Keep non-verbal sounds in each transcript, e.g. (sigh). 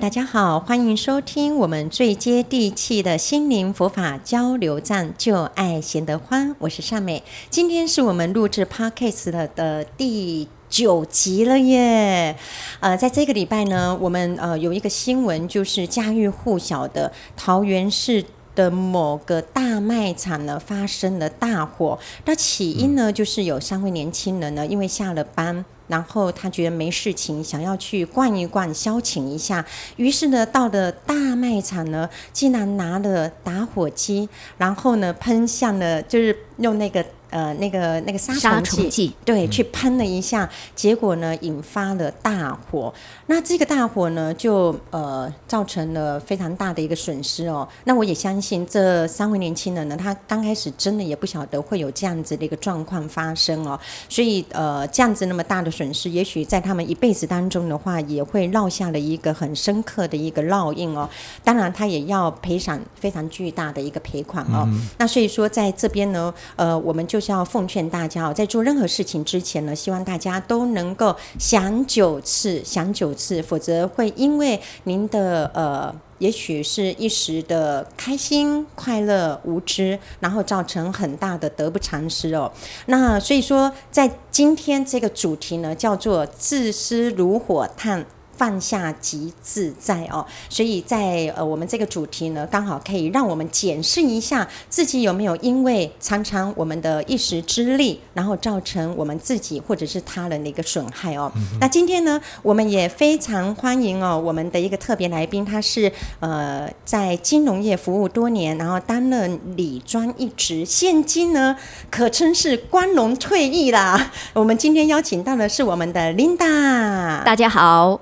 大家好，歡迎收聽我們最接地氣的心靈佛法交流站，就愛賢得歡。我是善美。今天是我們錄製 podcast 的、的第九集了耶！呃，在這個禮拜呢，我們呃有一個新聞，就是家喻戶曉的桃園市。的某個大賣場呢，發生了大火，那起因呢，嗯，就是有三位年輕人呢，因為下了班，然後他覺得沒事情，想要去逛一逛消遣一下，於是呢到了大賣場呢，竟然拿了打火機，然後呢噴向了，就是用那個。呃，那個那個殺蟲劑，蟲劑對，嗯、去噴了一下，結果呢，引發了大火。那這個大火呢，就呃，造成了非常大的一個損失哦。那我也相信這三位年輕人呢，他剛開始真的也不曉得會有這樣子的一個狀況發生哦。所以呃，這樣子那麼大的損失，也許在他們一輩子當中的話，也會落下了一個很深刻的一個烙印哦。當然，他也要賠償非常巨大的一個賠款哦。嗯、那所以說，在這邊呢，呃，我們就。就是要奉勸大家哦，在做任何事情之前呢，希望大家都能夠想九次，想九次，否則會因為您的呃，也許是一時的開心、快樂、無知，然後造成很大的得不償失哦。那所以說，在今天這個主題呢，叫做自私如火炭，放下即自在哦，所以在呃我們這個主題呢，剛好可以讓我們檢視一下自己有沒有因為常常我們的一時之利，然後造成我們自己或者是他人的一個損害哦。嗯、哼那今天呢，我們也非常歡迎哦我們的一個特別來賓，他是呃在金融業服務多年，然後擔任理專一職，現今呢可稱是光榮退役啦。我們今天邀請到的是我們的 Linda，大家好。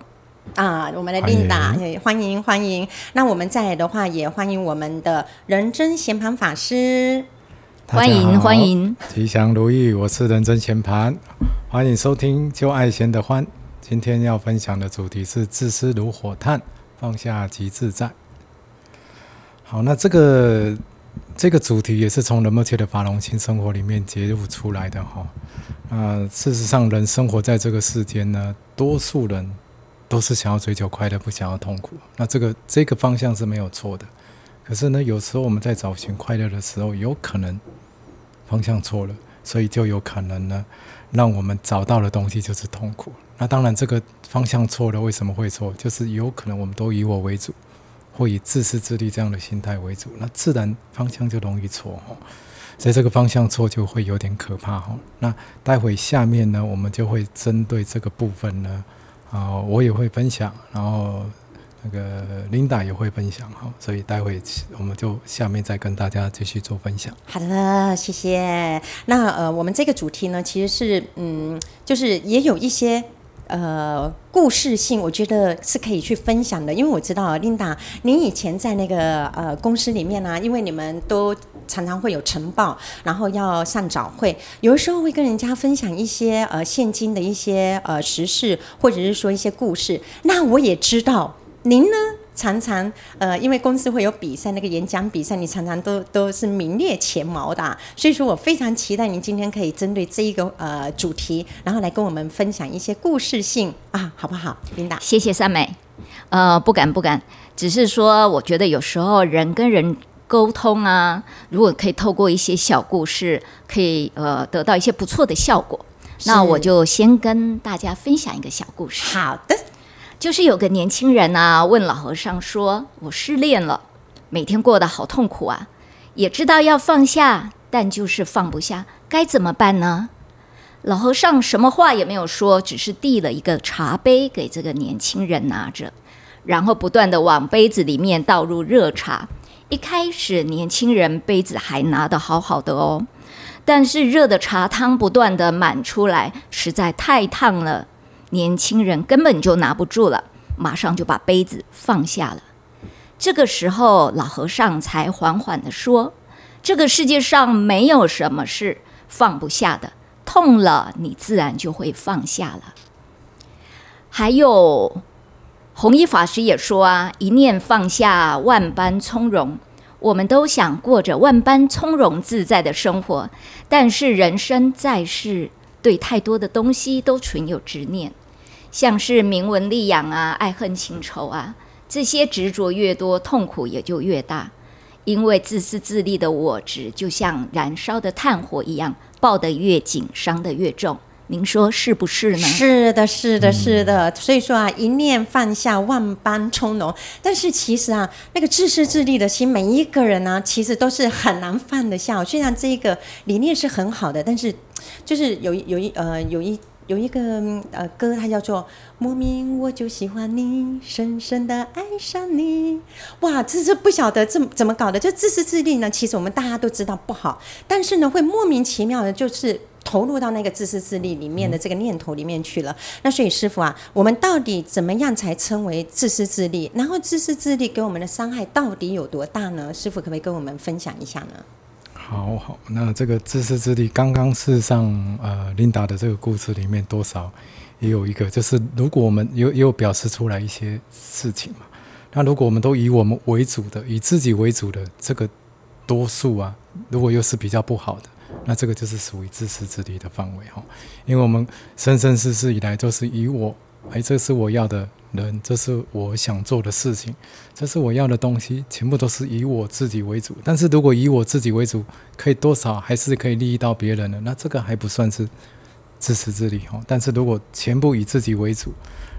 啊、呃，我們的 Linda 歡迎歡迎，歡迎。那我們再來的話，也歡迎我們的仁增賢槃法師，歡迎歡迎。歡迎吉祥如意，我是仁增賢槃，歡迎收聽《就愛賢得歡》。今天要分享的主題是自私如火炭，放下即自在。好，那這個這個主題也是從《人不切的法融心生活》裡面結悟出來的哈、哦呃。事實上，人生活在這個世間呢，多數人。都是想要追求快樂，不想要痛苦。那這個這個方向是沒有錯的。可是呢，有時候我們在找尋快樂的時候，有可能方向錯了，所以就有可能呢，讓我們找到的東西就是痛苦。那當然，這個方向錯了，為什麼會錯？就是有可能我們都以我為主，或以自私自利這樣的心態為主，那自然方向就容易錯哈、哦。所以這個方向錯就會有點可怕哈、哦。那待會下面呢，我們就會針對這個部分呢。啊、呃，我也會分享，然後那個 Linda 也會分享哈、哦，所以待會我們就下面再跟大家繼續做分享。好的，謝謝。那呃，我們這個主題呢，其實是嗯，就是也有一些呃故事性，我覺得是可以去分享的，因為我知道 Linda，你以前在那個呃公司裡面呢、啊，因為你們都。常常會有晨報，然後要上早會，有的時候會跟人家分享一些呃現今的一些呃時事，或者是說一些故事。那我也知道，您呢常常呃因為公司會有比賽，那個演講比賽，你常常都都是名列前茅的。所以說我非常期待您今天可以針對這一個呃主題，然後來跟我們分享一些故事性啊，好不好，琳達？謝謝三美。呃，不敢不敢，只是說我覺得有時候人跟人，溝通啊，如果可以透過一些小故事，可以呃得到一些不錯的效果，是那我就先跟大家分享一個小故事。好的，就是有個年輕人啊，問老和尚說：“我失戀了，每天過得好痛苦啊，也知道要放下，但就是放不下，該怎麼辦呢？”老和尚什麼話也沒有說，只是遞了一個茶杯給這個年輕人拿着，然後不斷地往杯子裡面倒入熱茶。一開始，年輕人杯子還拿得好好的哦，但是熱的茶湯不斷地滿出來，實在太燙了，年輕人根本就拿不住了，馬上就把杯子放下了。這個時候，老和尚才緩緩地說：“這個世界上沒有什麼是放不下的，痛了，你自然就會放下了。”還有。弘一法師也說啊，一念放下，萬般從容。我們都想過着萬般從容自在的生活，但是人生在世，對太多的東西都存有執念，像是名聞利養啊、愛恨情仇啊，這些執着越多，痛苦也就越大，因為自私自利的我執，就像燃燒的炭火一樣，抱得越緊，傷得越重。您說是不是呢？是的，是的，是的。所以說啊，一念放下，萬般從容。但是其實啊，那個自私自利的心，其實每一個人呢、啊，其實都是很難放得下。雖然這個理念是很好的，但是就是有有一呃，有一有一個呃歌，它叫做《莫名我就喜歡你》，深深的愛上你。哇，這是不曉得這怎麼搞的，就自私自利呢？其實我們大家都知道不好，但是呢，會莫名其妙的，就是。投入到那個自私自利裡面的這個念頭裡面去了。嗯、那所以師傅啊，我們到底怎麼樣才稱為自私自利？然後自私自利給我們的傷害到底有多大呢？師傅可不可以跟我們分享一下呢？好好，那這個自私自利，剛剛事實上，呃，琳達的這個故事裡面多少也有一個，就是如果我們有也有表示出來一些事情嘛。那如果我們都以我們為主的，以自己為主的這個多數啊，如果又是比較不好的。那這個就是屬於自私自利的範圍哈，因為我們生生世世以來都是以我，哎，這是我要的人，這是我想做的事情，這是我要的東西，全部都是以我自己為主。但是如果以我自己為主，可以多少還是可以利益到別人的，那這個還不算是自私自利哈。但是如果全部以自己為主，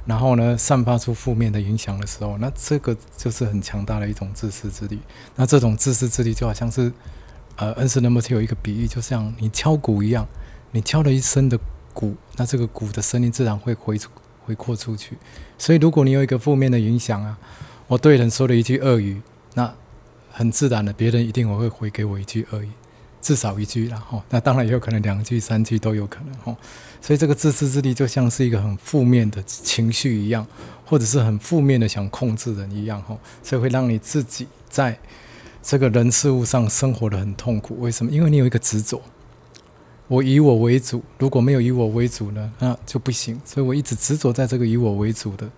然後呢散發出負面的影響的時候，那這個就是很強大的一種自私自利。那這種自私自利就好像是。呃，恩師那麼就有一個比喻，就像你敲鼓一樣，你敲了一聲的鼓，那這個鼓的聲音自然會回回擴出去。所以，如果你有一個負面的影響啊，我對人說了一句惡語，那很自然的，別人一定我會回給我一句惡語，至少一句。然後那當然也有可能兩句、三句都有可能哈。所以，這個自私自利就像是一個很負面的情緒一樣，或者是很負面的想控制人一樣哈，吼，所以會讓你自己在。這個人事物上生活得很痛苦，為什麼？因為你有一個執着，我以我為主。如果沒有以我為主呢，那就不行。所以我一直執着在這個以我為主的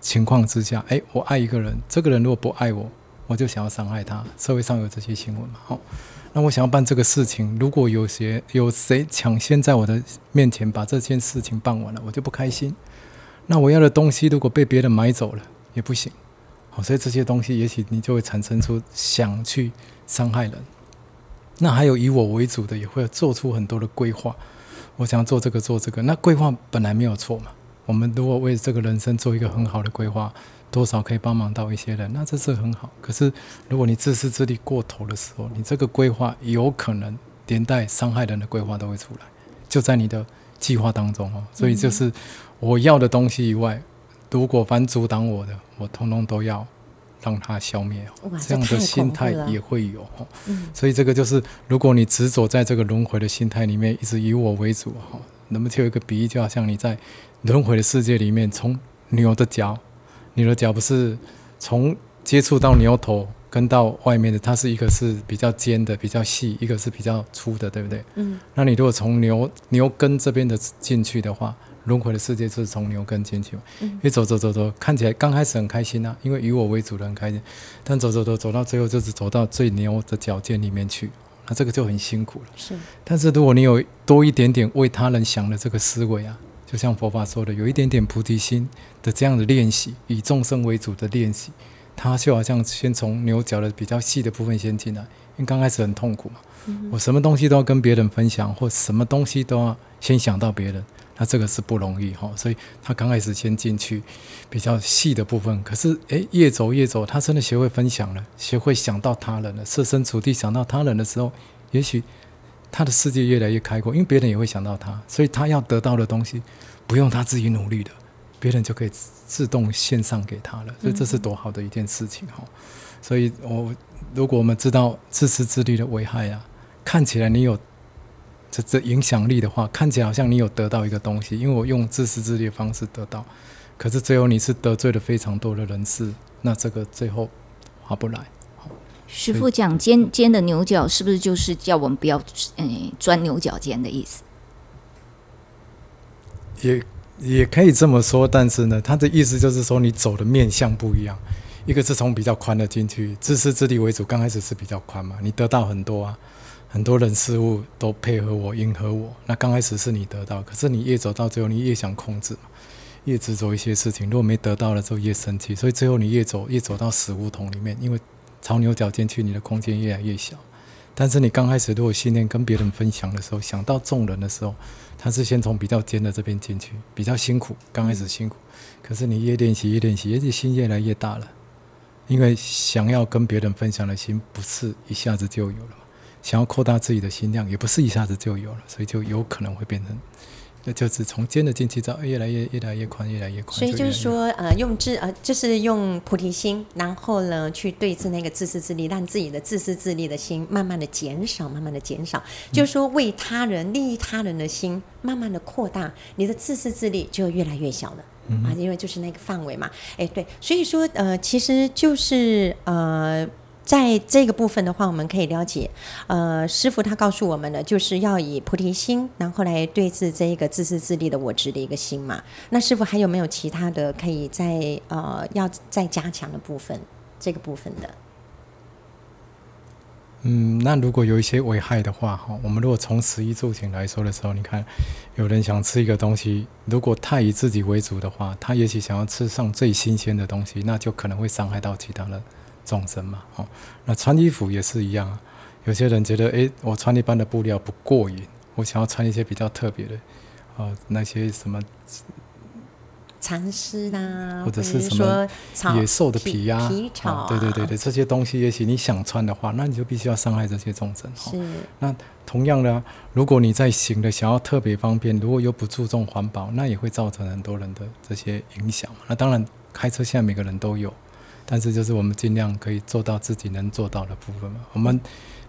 情況之下。哎，我愛一個人，這個人如果不愛我，我就想要傷害他。社會上有這些新聞嘛？好，那我想要辦這個事情，如果有誰有誰搶先在我的面前把這件事情辦完了，我就不開心。那我要的東西如果被別人買走了，也不行。好，所以這些東西，也許你就會產生出想去傷害人。那還有以我為主的，也會做出很多的規劃。我想做這個，做這個。那規劃本來沒有錯嘛。我們如果為這個人生做一個很好的規劃，多少可以幫忙到一些人，那這是很好。可是，如果你自私自利過頭的時候，你這個規劃有可能連帶傷害人的規劃都會出來，就在你的計劃當中哦。所以，就是我要的東西以外。如果凡阻擋我的，我通通都要讓它消滅。哇，這太恐怖了！這樣的心態也會有哈。嗯，所以這個就是，如果你執着在這個輪迴的心態裡面，一直以我為主哈，那麼就有一個比喻，就好像你在輪迴的世界裡面，從牛的腳，牛的腳不是從接觸到牛頭跟到外面的，它是一個是比較尖的、比較細，一個是比較粗的，對不對？嗯。那你如果從牛牛根這邊的進去的話，輪迴的世界就是從牛跟進去，嗯、因為走走走走，看起來剛開始很開心吶、啊，因為以我為主，很開心。但走走走走到最後，就是走到最牛的角尖裡面去，那這個就很辛苦了。是，但是如果你有多一點點為他人想的這個思維啊，就像佛法說的，有一點點菩提心的這樣的練習，以眾生為主的練習，它就好像先從牛角的比較細的部分先進來，因為剛開始很痛苦嘛。嗯、哼我什麼東西都要跟別人分享，或什麼東西都要先想到別人。那這個是不容易哈，所以他剛開始先進去比較細的部分，可是哎，越走越走，他真的學會分享了，學會想到他人了，設身處地想到他人的時候，也許他的世界越來越開闊，因為別人也會想到他，所以他要得到的東西不用他自己努力的，別人就可以自動獻上給他了，所以這是多好的一件事情哈。嗯，所以我如果我們知道自私自利的危害啊，看起來你有。這這影響力的話，看起來好像你有得到一個東西，因為我用自私自利的方式得到，可是最後你是得罪了非常多的人士，那這個最後划不來。師父講尖尖以的牛角，是不是就是叫我們不要嗯鑽牛角尖的意思？也也可以這麼說，但是呢，他的意思就是說你走的面相不一樣，一個是從比較寬的進去，自私自利為主，剛開始是比較寬嘛，你得到很多啊。很多人事物都配合我、迎合我。那剛開始是你得到，可是你越走到最後，你越想控制，越執着一些事情。如果沒得到了之後，越生氣，所以最後你越走越走到死胡同裡面。因為朝牛角尖去，你的空間越來越小。但是你剛開始如果訓練跟別人分享的時候，想到眾人的時候，他是先從比較尖的這邊進去，比較辛苦。剛開始辛苦，嗯、可是你越練習越練習，而且心越來越大了。因為想要跟別人分享的心，不是一下子就有了。想要擴大自己的心量，也不是一下子就有了，所以就有可能會變成，那就是從尖的進去到，到、欸、越來越、越來越寬、越來越寬。越越所以就是說，呃，用智，呃，就是用菩提心，然後呢，去對治那個自私自利，讓自己的自私自利的心慢慢的減少，慢慢的減少。嗯、就是說，為他人利益他人的心，慢慢的擴大，你的自私自利就越來越小了、嗯、哼啊，因為就是那個範圍嘛。誒、欸，對，所以說，呃，其實就是呃。在這個部分的話，我們可以了解，呃，師父他告訴我們的就是要以菩提心，然後來對治這一個自私自利的我執的一個心嘛。那師父還有沒有其他的可以再呃，要再加強的部分？這個部分的。嗯，那如果有一些危害的話，哈，我們如果從十一柱行來說的時候，你看，有人想吃一個東西，如果太以自己為主的話，他也許想要吃上最新鮮的東西，那就可能會傷害到其他人。眾生嘛，哦，那穿衣服也是一樣啊。有些人覺得，誒、欸，我穿一般的布料不過癮，我想要穿一些比較特別的，啊、呃，那些什麼蠶絲吶，啊、或者是什麼野獸的皮呀、皮草，對對對對，這些東西，也許你想穿的話，那你就必須要傷害這些眾生。哦、是。那同樣的，啊，如果你在行的想要特別方便，如果又不注重環保，那也會造成很多人的這些影響。嘛。那當然，開車現在每個人都有，但是就是我們儘量可以做到自己能做到的部分。我們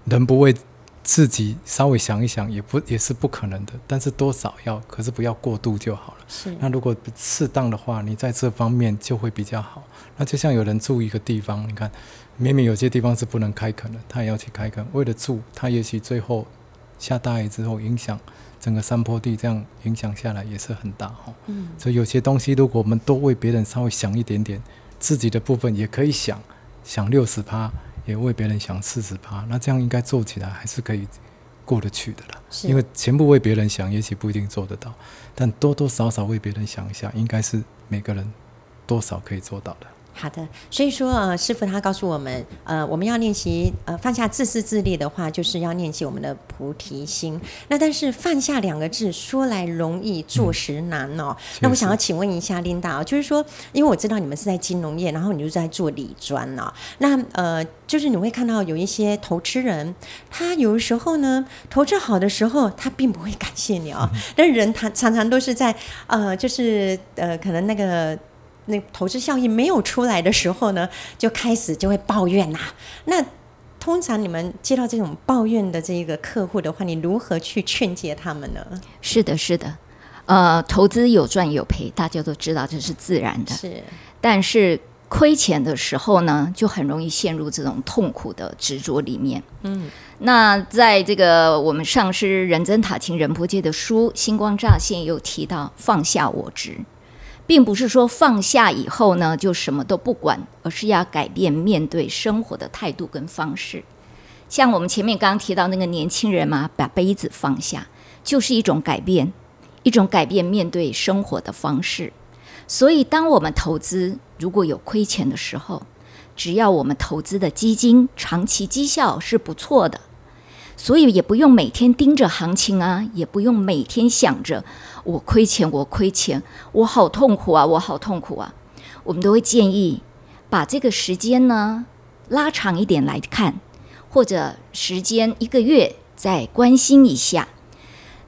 人不為自己稍微想一想，也不也是不可能的。但是多少要，可是不要過度就好了是。那如果適當的話，你在這方面就會比較好。那就像有人住一個地方，你看，明明有些地方是不能開墾的，他也要去開墾，為了住，他也許最後下大雨之後，影響整個山坡地，這樣影響下來也是很大哈、嗯。所以有些東西，如果我們多為別人稍微想一點點。自己的部分也可以想，想六十趴，也為別人想四十趴，那這樣應該做起來還是可以過得去的啦，是因為全部為別人想，也許不一定做得到，但多多少少為別人想一下，應該是每個人多少可以做到的。好的，所以說呃，師父他告訴我們，呃，我們要練習呃放下自私自利的話，就是要練習我們的菩提心。那但是放下兩個字說來容易做時難哦。嗯、那我想要請問一下琳達、哦、就是說，因為我知道你們是在金融業，然後你就在做理專了、哦。那呃，就是你會看到有一些投資人，他有時候呢，投資好的時候他並不會感謝你哦。嗯、但人他常常都是在呃，就是呃，可能那個。那投資效益沒有出來的時候呢，就開始就會抱怨吶、啊。那通常你們接到這種抱怨的這個客戶的話，你如何去勸解他們呢？是的，是的，呃，投資有賺有賠，大家都知道這是自然的。是，但是虧錢的時候呢，就很容易陷入這種痛苦的執着裡面。嗯，那在這個我們上師仁增塔欽仁波切的書《星光乍現》又提到放下我執。並不是說放下以後呢，就什麼都不管，而是要改變面對生活的態度跟方式。像我們前面剛剛提到那個年輕人嘛，把杯子放下，就是一種改變，一種改變面對生活的方式。所以，當我們投資，如果有虧錢的時候，只要我們投資的基金長期績效是不錯的。所以也不用每天盯着行情啊，也不用每天想着我虧錢，我虧錢，我好痛苦啊，我好痛苦啊。我們都會建議把這個時間呢拉長一點來看，或者時間一個月再關心一下。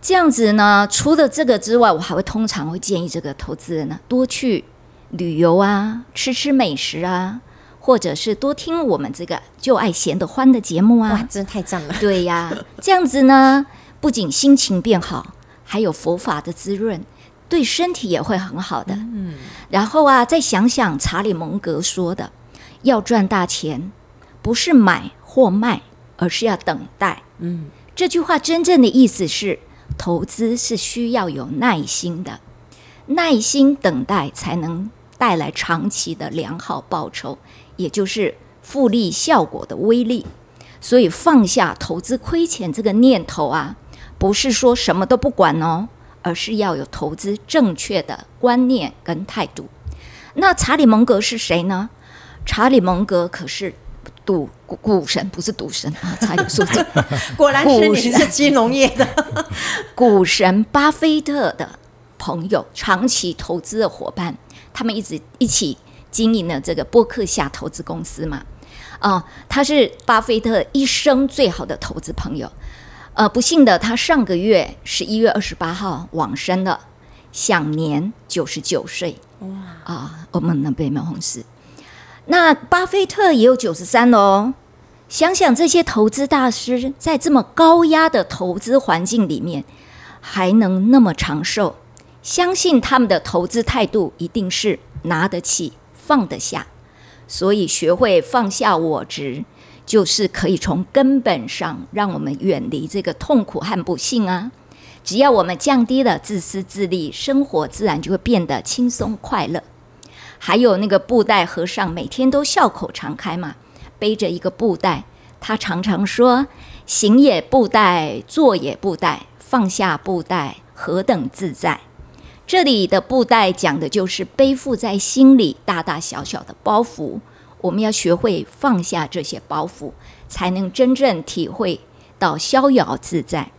這樣子呢，除了這個之外，我還會通常會建議這個投資人呢多去旅遊啊，吃吃美食啊。或者是多聽我們這個就愛賢得歡的節目啊，哇，真太贊了！對呀、啊，這樣子呢，不僅心情變好，還有佛法的滋潤，對身體也會很好的。嗯，然後啊，再想想查理蒙格說的，要賺大錢不是買或賣，而是要等待。嗯，這句話真正的意思是，投資是需要有耐心的，耐心等待才能帶來長期的良好報酬。也就是複利效果的威力，所以放下投資虧錢這個念頭啊，不是說什麼都不管哦，而是要有投資正確的觀念跟態度。那查理·蒙格是誰呢？查理·蒙格可是賭股神，不是賭神啊！查理叔叔， (laughs) 果然是神你是金融業的股 (laughs) 神巴菲特的朋友，長期投資的伙伴，他們一直一起，經營了這個波克夏投資公司嘛，啊，他是巴菲特一生最好的投資朋友，呃、啊，不幸的他上個月十一月二十八號往生了，享年九十九歲。哇啊、嗯、啊，我們那邊沒有紅絲。那巴菲特也有九十三嘍。想想這些投資大師在這麼高壓的投資環境裡面，還能那麼長壽，相信他們的投資態度一定是拿得起。放得下，所以學會放下我執，就是可以從根本上讓我們遠離這個痛苦和不幸啊！只要我們降低了自私自利，生活自然就會變得輕鬆快樂。還有那個布袋和尚，每天都笑口常開嘛，背着一個布袋，他常常說：“行也布袋，坐也布袋，放下布袋，何等自在。”這裡的布袋講的就是背負在心裡大大小小的包袱，我們要學會放下這些包袱，才能真正體會到逍遙自在。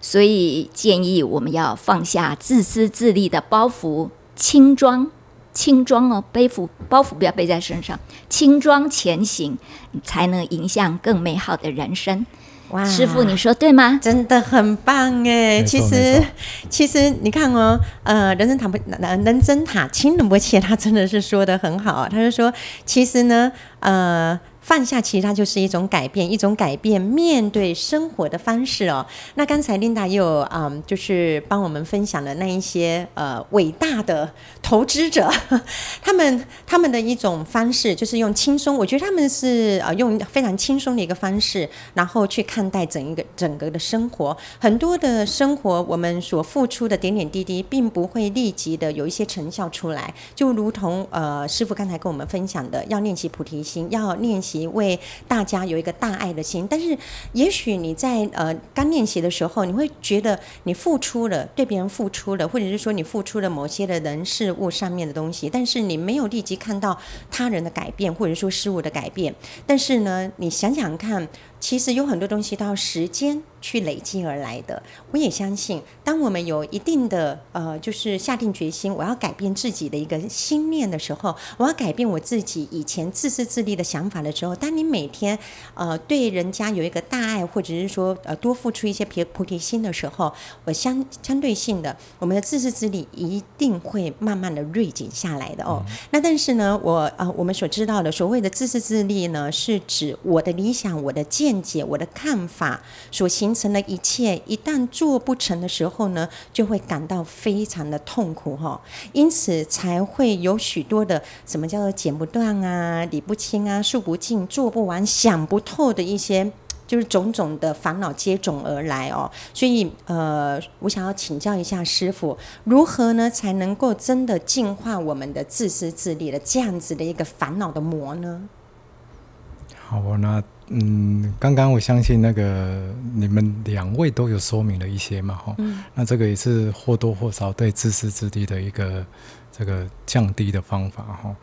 所以建議我們要放下自私自利的包袱，輕裝輕裝哦，背負包袱不要背在身上，輕裝前行，才能迎向更美好的人生。哇，師父，你說對嗎？真的很棒哎！沒錯，其實，沒錯，其實你看哦，呃，人生塔不，人生塔青，盧不謙他真的是說得很好，他就說，其實呢，呃。放下其實它就是一種改變，一種改變面對生活的方式哦。那剛才 Linda 也有嗯，就是幫我們分享了那一些呃偉大的投資者，他們他們的一種方式就是用輕鬆，我覺得他們是呃用非常輕鬆的一個方式，然後去看待整一個整個的生活。很多的生活我們所付出的點點滴滴，並不會立即的有一些成效出來，就如同呃師父剛才跟我們分享的，要練習菩提心，要練習。你為大家有一個大愛的心，但是也許你在呃剛練習的時候，你會覺得你付出了，對別人付出了，或者是說你付出了某些的人事物上面的東西，但是你沒有立即看到他人的改變，或者說事物的改變。但是呢，你想想看。其實有很多東西都要時間去累積而來的。我也相信，當我們有一定的呃，就是下定決心，我要改變自己的一個心念的時候，我要改變我自己以前自私自利的想法的時候，當你每天呃對人家有一個大愛，或者是說呃多付出一些菩菩提心的時候，我相相對性的，我們的自私自利一定會慢慢的銳減下來的哦。嗯、那但是呢，我啊、呃、我們所知道的所謂的自私自利呢，是指我的理想，我的見。辯解我的看法所形成的一切，一旦做不成的時候呢，就會感到非常的痛苦哈、哦。因此才會有許多的什麼叫做剪不斷啊、理不清啊、數不盡、做不完、想不透的一些，就是種種的煩惱接踵而來哦。所以呃，我想要請教一下師父，如何呢才能夠真的淨化我們的自私自利的這樣子的一個煩惱的魔呢？好，那嗯，剛剛我相信那個你們兩位都有說明了一些嘛，哈，嗯，那這個也是或多或少對自私自利的一個這個降低的方法，哈，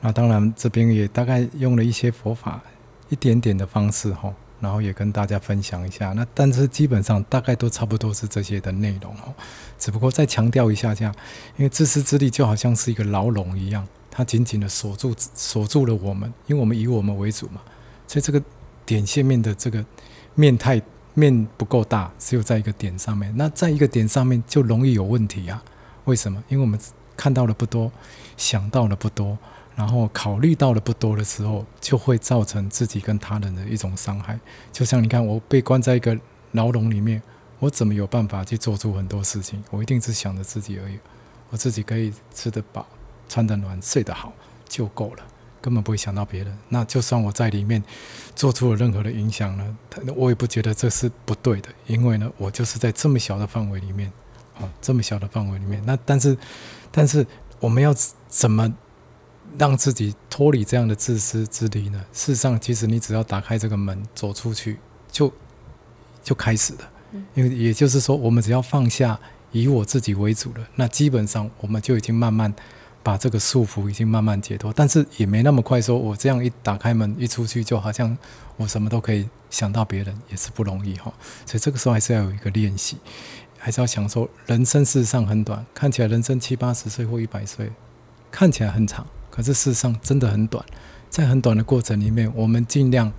那當然這邊也大概用了一些佛法一點點的方式，哈，然後也跟大家分享一下，那但是基本上大概都差不多是這些的內容，哈，只不過再強調一下，這樣，因為自私自利就好像是一個牢籠一樣，它緊緊的鎖住鎖住了我們，因為我們以我們為主嘛。所以這個點線面的這個面太，面不夠大，只有在一個點上面。那在一個點上面就容易有問題啊？為什麼？因為我們看到的不多，想到的不多，然後考慮到的不多的時候，就會造成自己跟他人的一種傷害。就像你看，我被關在一個牢籠裡面，我怎麼有辦法去做出很多事情？我一定是想着自己而已，我自己可以吃得飽、穿得暖、睡得好就夠了。根本不會想到別人。那就算我在裡面做出了任何的影響呢？我也不覺得這是不對的，因為呢，我就是在這麼小的範圍裡面，哦，這麼小的範圍裡面。那但是，但是我們要怎麼讓自己脫離這樣的自私之離呢？事實上，其實你只要打開這個門走出去，就就開始了。因為也就是說，我們只要放下以我自己為主了，那基本上我們就已經慢慢。把這個束縛已經慢慢解脫，但是也沒那麼快說。說我這樣一打開門一出去，就好像我什麼都可以想到別人，也是不容易哈、哦。所以這個時候還是要有一個練習，還是要想說，人生事實上很短，看起來人生七八十歲或一百歲看起來很長，可是事實上真的很短。在很短的過程裡面，我們盡量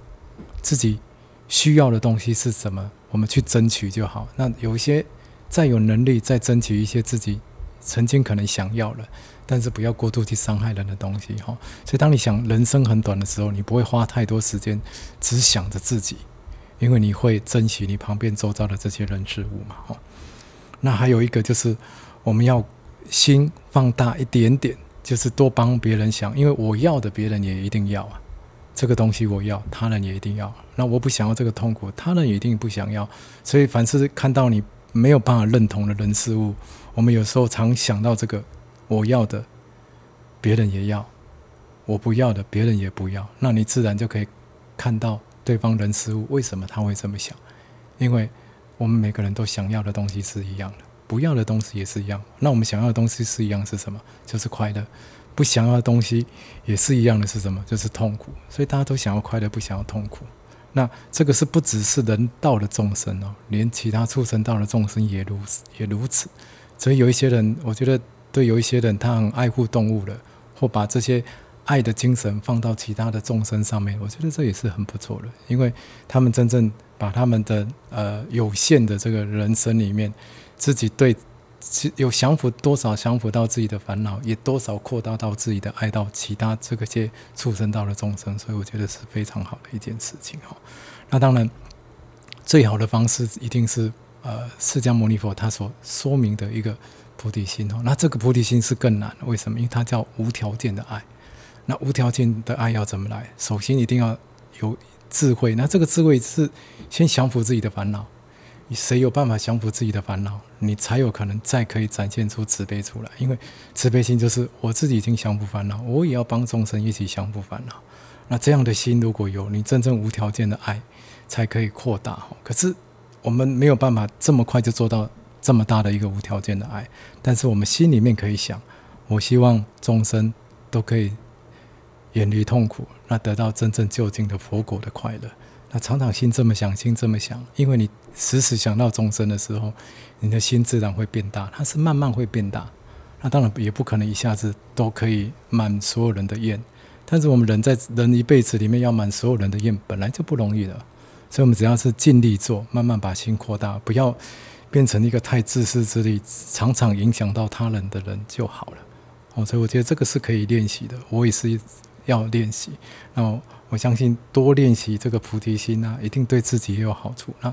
自己需要的東西是什麼，我們去爭取就好。那有些再有能力再爭取一些自己，曾經可能想要了，但是不要過度去傷害人的東西哈。所以，當你想人生很短的時候，你不會花太多時間只想着自己，因為你會珍惜你旁邊周遭的這些人事物嘛。哈，那還有一個就是，我們要心放大一點點，就是多幫別人想，因為我要的別人也一定要啊。這個東西我要，他人也一定要。那我不想要這個痛苦，他人也一定不想要。所以，凡是看到你沒有辦法認同的人事物。我們有時候常想到這個，我要的，別人也要；我不要的，別人也不要。那你自然就可以看到對方人事物為什麼他會這麼想，因為我們每個人都想要的東西是一樣的，不要的東西也是一樣。那我們想要的東西是一樣是什麼？就是快樂；不想要的東西也是一樣的是什麼？就是痛苦。所以大家都想要快樂，不想要痛苦。那這個是不只是人道的眾生哦，連其他畜生道的眾生也如此，也如此。所以有一些人，我覺得對有一些人，他很愛護動物的，或把這些愛的精神放到其他的眾生上面，我覺得這也是很不錯的，因為他們真正把他們的呃、有限的這個人生裡面，自己對有降服多少降服到自己的煩惱，也多少擴大到自己的愛到其他這個些畜生道的眾生，所以我覺得是非常好的一件事情哈。那當然，最好的方式一定是。呃，釋迦牟尼佛他所說明的一個菩提心哦,那這個菩提心是更難，為什麼？因為它叫無條件的愛。那無條件的愛要怎麼來？首先一定要有智慧。那這個智慧是先降服自己的煩惱。你誰有辦法降服自己的煩惱，你才有可能再可以展現出慈悲出來。因為慈悲心就是我自己已經降服煩惱，我也要幫眾生一起降服煩惱。那這樣的心如果有，你真正無條件的愛，才可以擴大。可是。我們沒有辦法這麼快就做到這麼大的一個無條件的愛，但是我們心裡面可以想：我希望眾生都可以遠離痛苦，那得到真正究竟的佛果的快樂。那常常心這麼想，心這麼想，因為你時時想到眾生的時候，你的心自然會變大，它是慢慢會變大。那當然也不可能一下子都可以滿所有人的願，但是我們人在人一輩子裡面要滿所有人的願，本來就不容易的。所以，我們只要是盡力做，慢慢把心擴大，不要變成一個太自私自利、常常影響到他人的人就好了。哦，所以我覺得這個是可以練習的，我也是要練習。那我，我相信多練習這個菩提心啊，一定對自己也有好處，那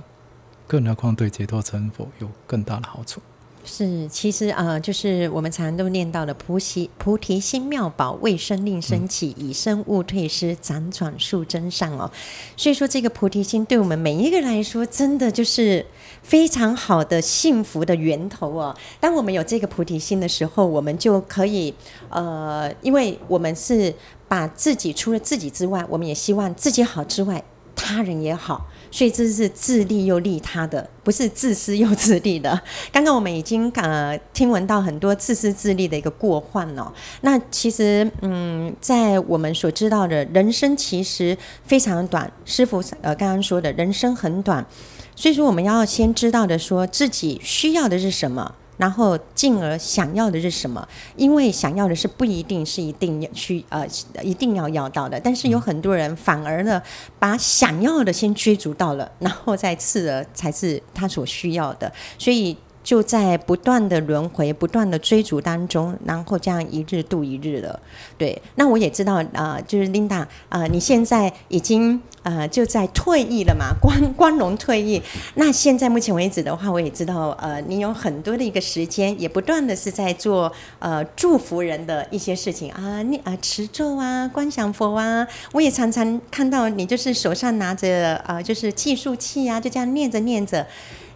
更何況對解脫成佛有更大的好處。是，其實啊、呃，就是我們常常都念到的“菩提菩提心妙寶，未生令生起，已生勿退失，輾轉數增上”哦。所以說，這個菩提心對我們每一個人來說，真的就是非常好的幸福的源頭哦。當我們有這個菩提心的時候，我們就可以呃，因為我們是把自己除了自己之外，我們也希望自己好之外，他人也好。所以這是自利又利他的，不是自私又自利的。剛剛我們已經呃聽聞到很多自私自利的一個過患了、哦。那其實嗯，在我們所知道的人生其實非常短。師父呃剛剛說的人生很短，所以說我們要先知道的說，說自己需要的是什麼。然後，進而想要的是什麼？因為想要的是不一定是一定要去呃，一定要要到的。但是有很多人反而呢，把想要的先追逐到了，然後再次而才是他所需要的。所以。就在不斷的輪回、不斷的追逐當中，然後這樣一日度一日的。對，那我也知道啊、呃，就是琳達啊，你現在已經呃就在退役了嘛，光光榮退役。那現在目前為止的話，我也知道呃，你有很多的一個時間，也不斷的是在做呃祝福人的一些事情啊，念、呃、啊、呃、持咒啊，觀想佛啊。我也常常看到你，就是手上拿着啊、呃，就是計數器啊，就這樣念着念着。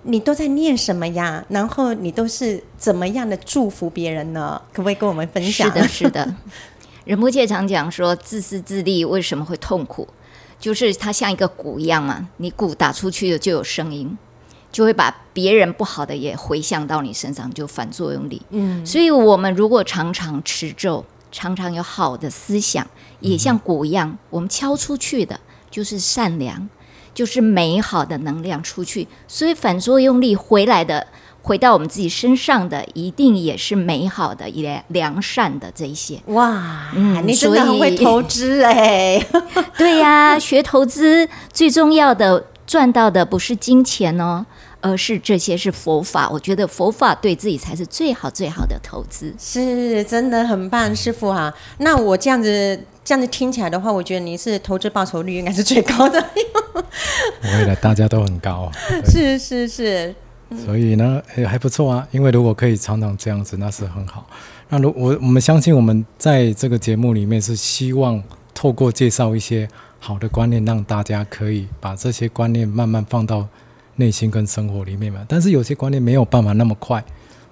你都在念什麼呀？然後你都是怎麼樣的祝福別人呢？可不可以跟我們分享？是的，是的。仁波切常講說，自私自利為什麼會痛苦？就是它像一個鼓一樣嘛、啊，你鼓打出去的就有聲音，就會把別人不好的也回向到你身上，就反作用力。嗯，所以我們如果常常持咒，常常有好的思想，也像鼓一樣，我們敲出去的就是善良。就是美好的能量出去，所以反作用力回來的，回到我們自己身上的，一定也是美好的，也良善的這一些。哇，嗯，你真的很所以會投資哎、欸， (laughs) 對呀、啊，學投資最重要的。賺到的不是金錢哦，而是這些是佛法。我覺得佛法對自己才是最好最好的投資。是，真的很棒，師傅哈，啊。嗯，那我這樣子這樣子聽起來的話，我覺得你是投資報酬率應該是最高的。我覺得大家都很高。是是是，嗯，所以呢，欸，還不錯啊。因為如果可以常常這樣子，那是很好。那如我我們相信，我們在這個節目裡面是希望透過介紹一些。好的觀念讓大家可以把這些觀念慢慢放到內心跟生活裡面嘛。但是有些觀念沒有辦法那麼快，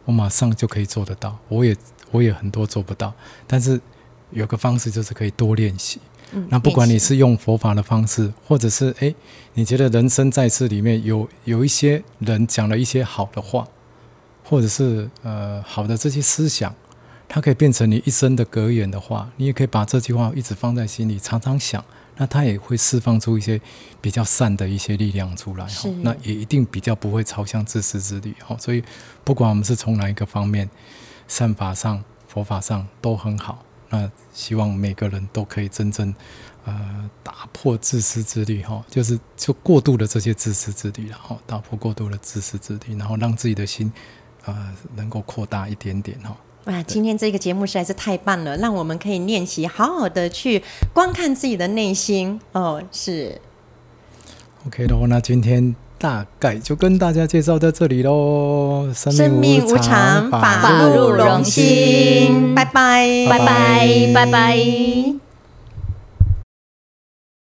我馬上就可以做得到。我也我也很多做不到，但是有個方式就是可以多練習。嗯，那不管你是用佛法的方式，練習。或者是誒，你覺得人生在世裡面有有一些人講了一些好的話，或者是呃好的這些思想，它可以變成你一生的格言的話，你也可以把這句話一直放在心裡，常常想。那他也會釋放出一些比較善的一些力量出來哈，哦、那也一定比較不會朝向自私自利哈，所以不管我們是從哪一個方面，善法上、佛法上都很好。那希望每個人都可以真正、呃、打破自私自利哈，就是就過度的這些自私自利，然後打破過度的自私自利，然後讓自己的心啊、呃、能夠擴大一點點哈。哇，今天這個節目實在是太棒了，讓我們可以練習好好的去觀看自己的內心哦。是，OK 的話，那今天大概就跟大家介紹在這裡嘍。生命無常，法融心，榮拜拜，拜拜，拜拜。拜拜。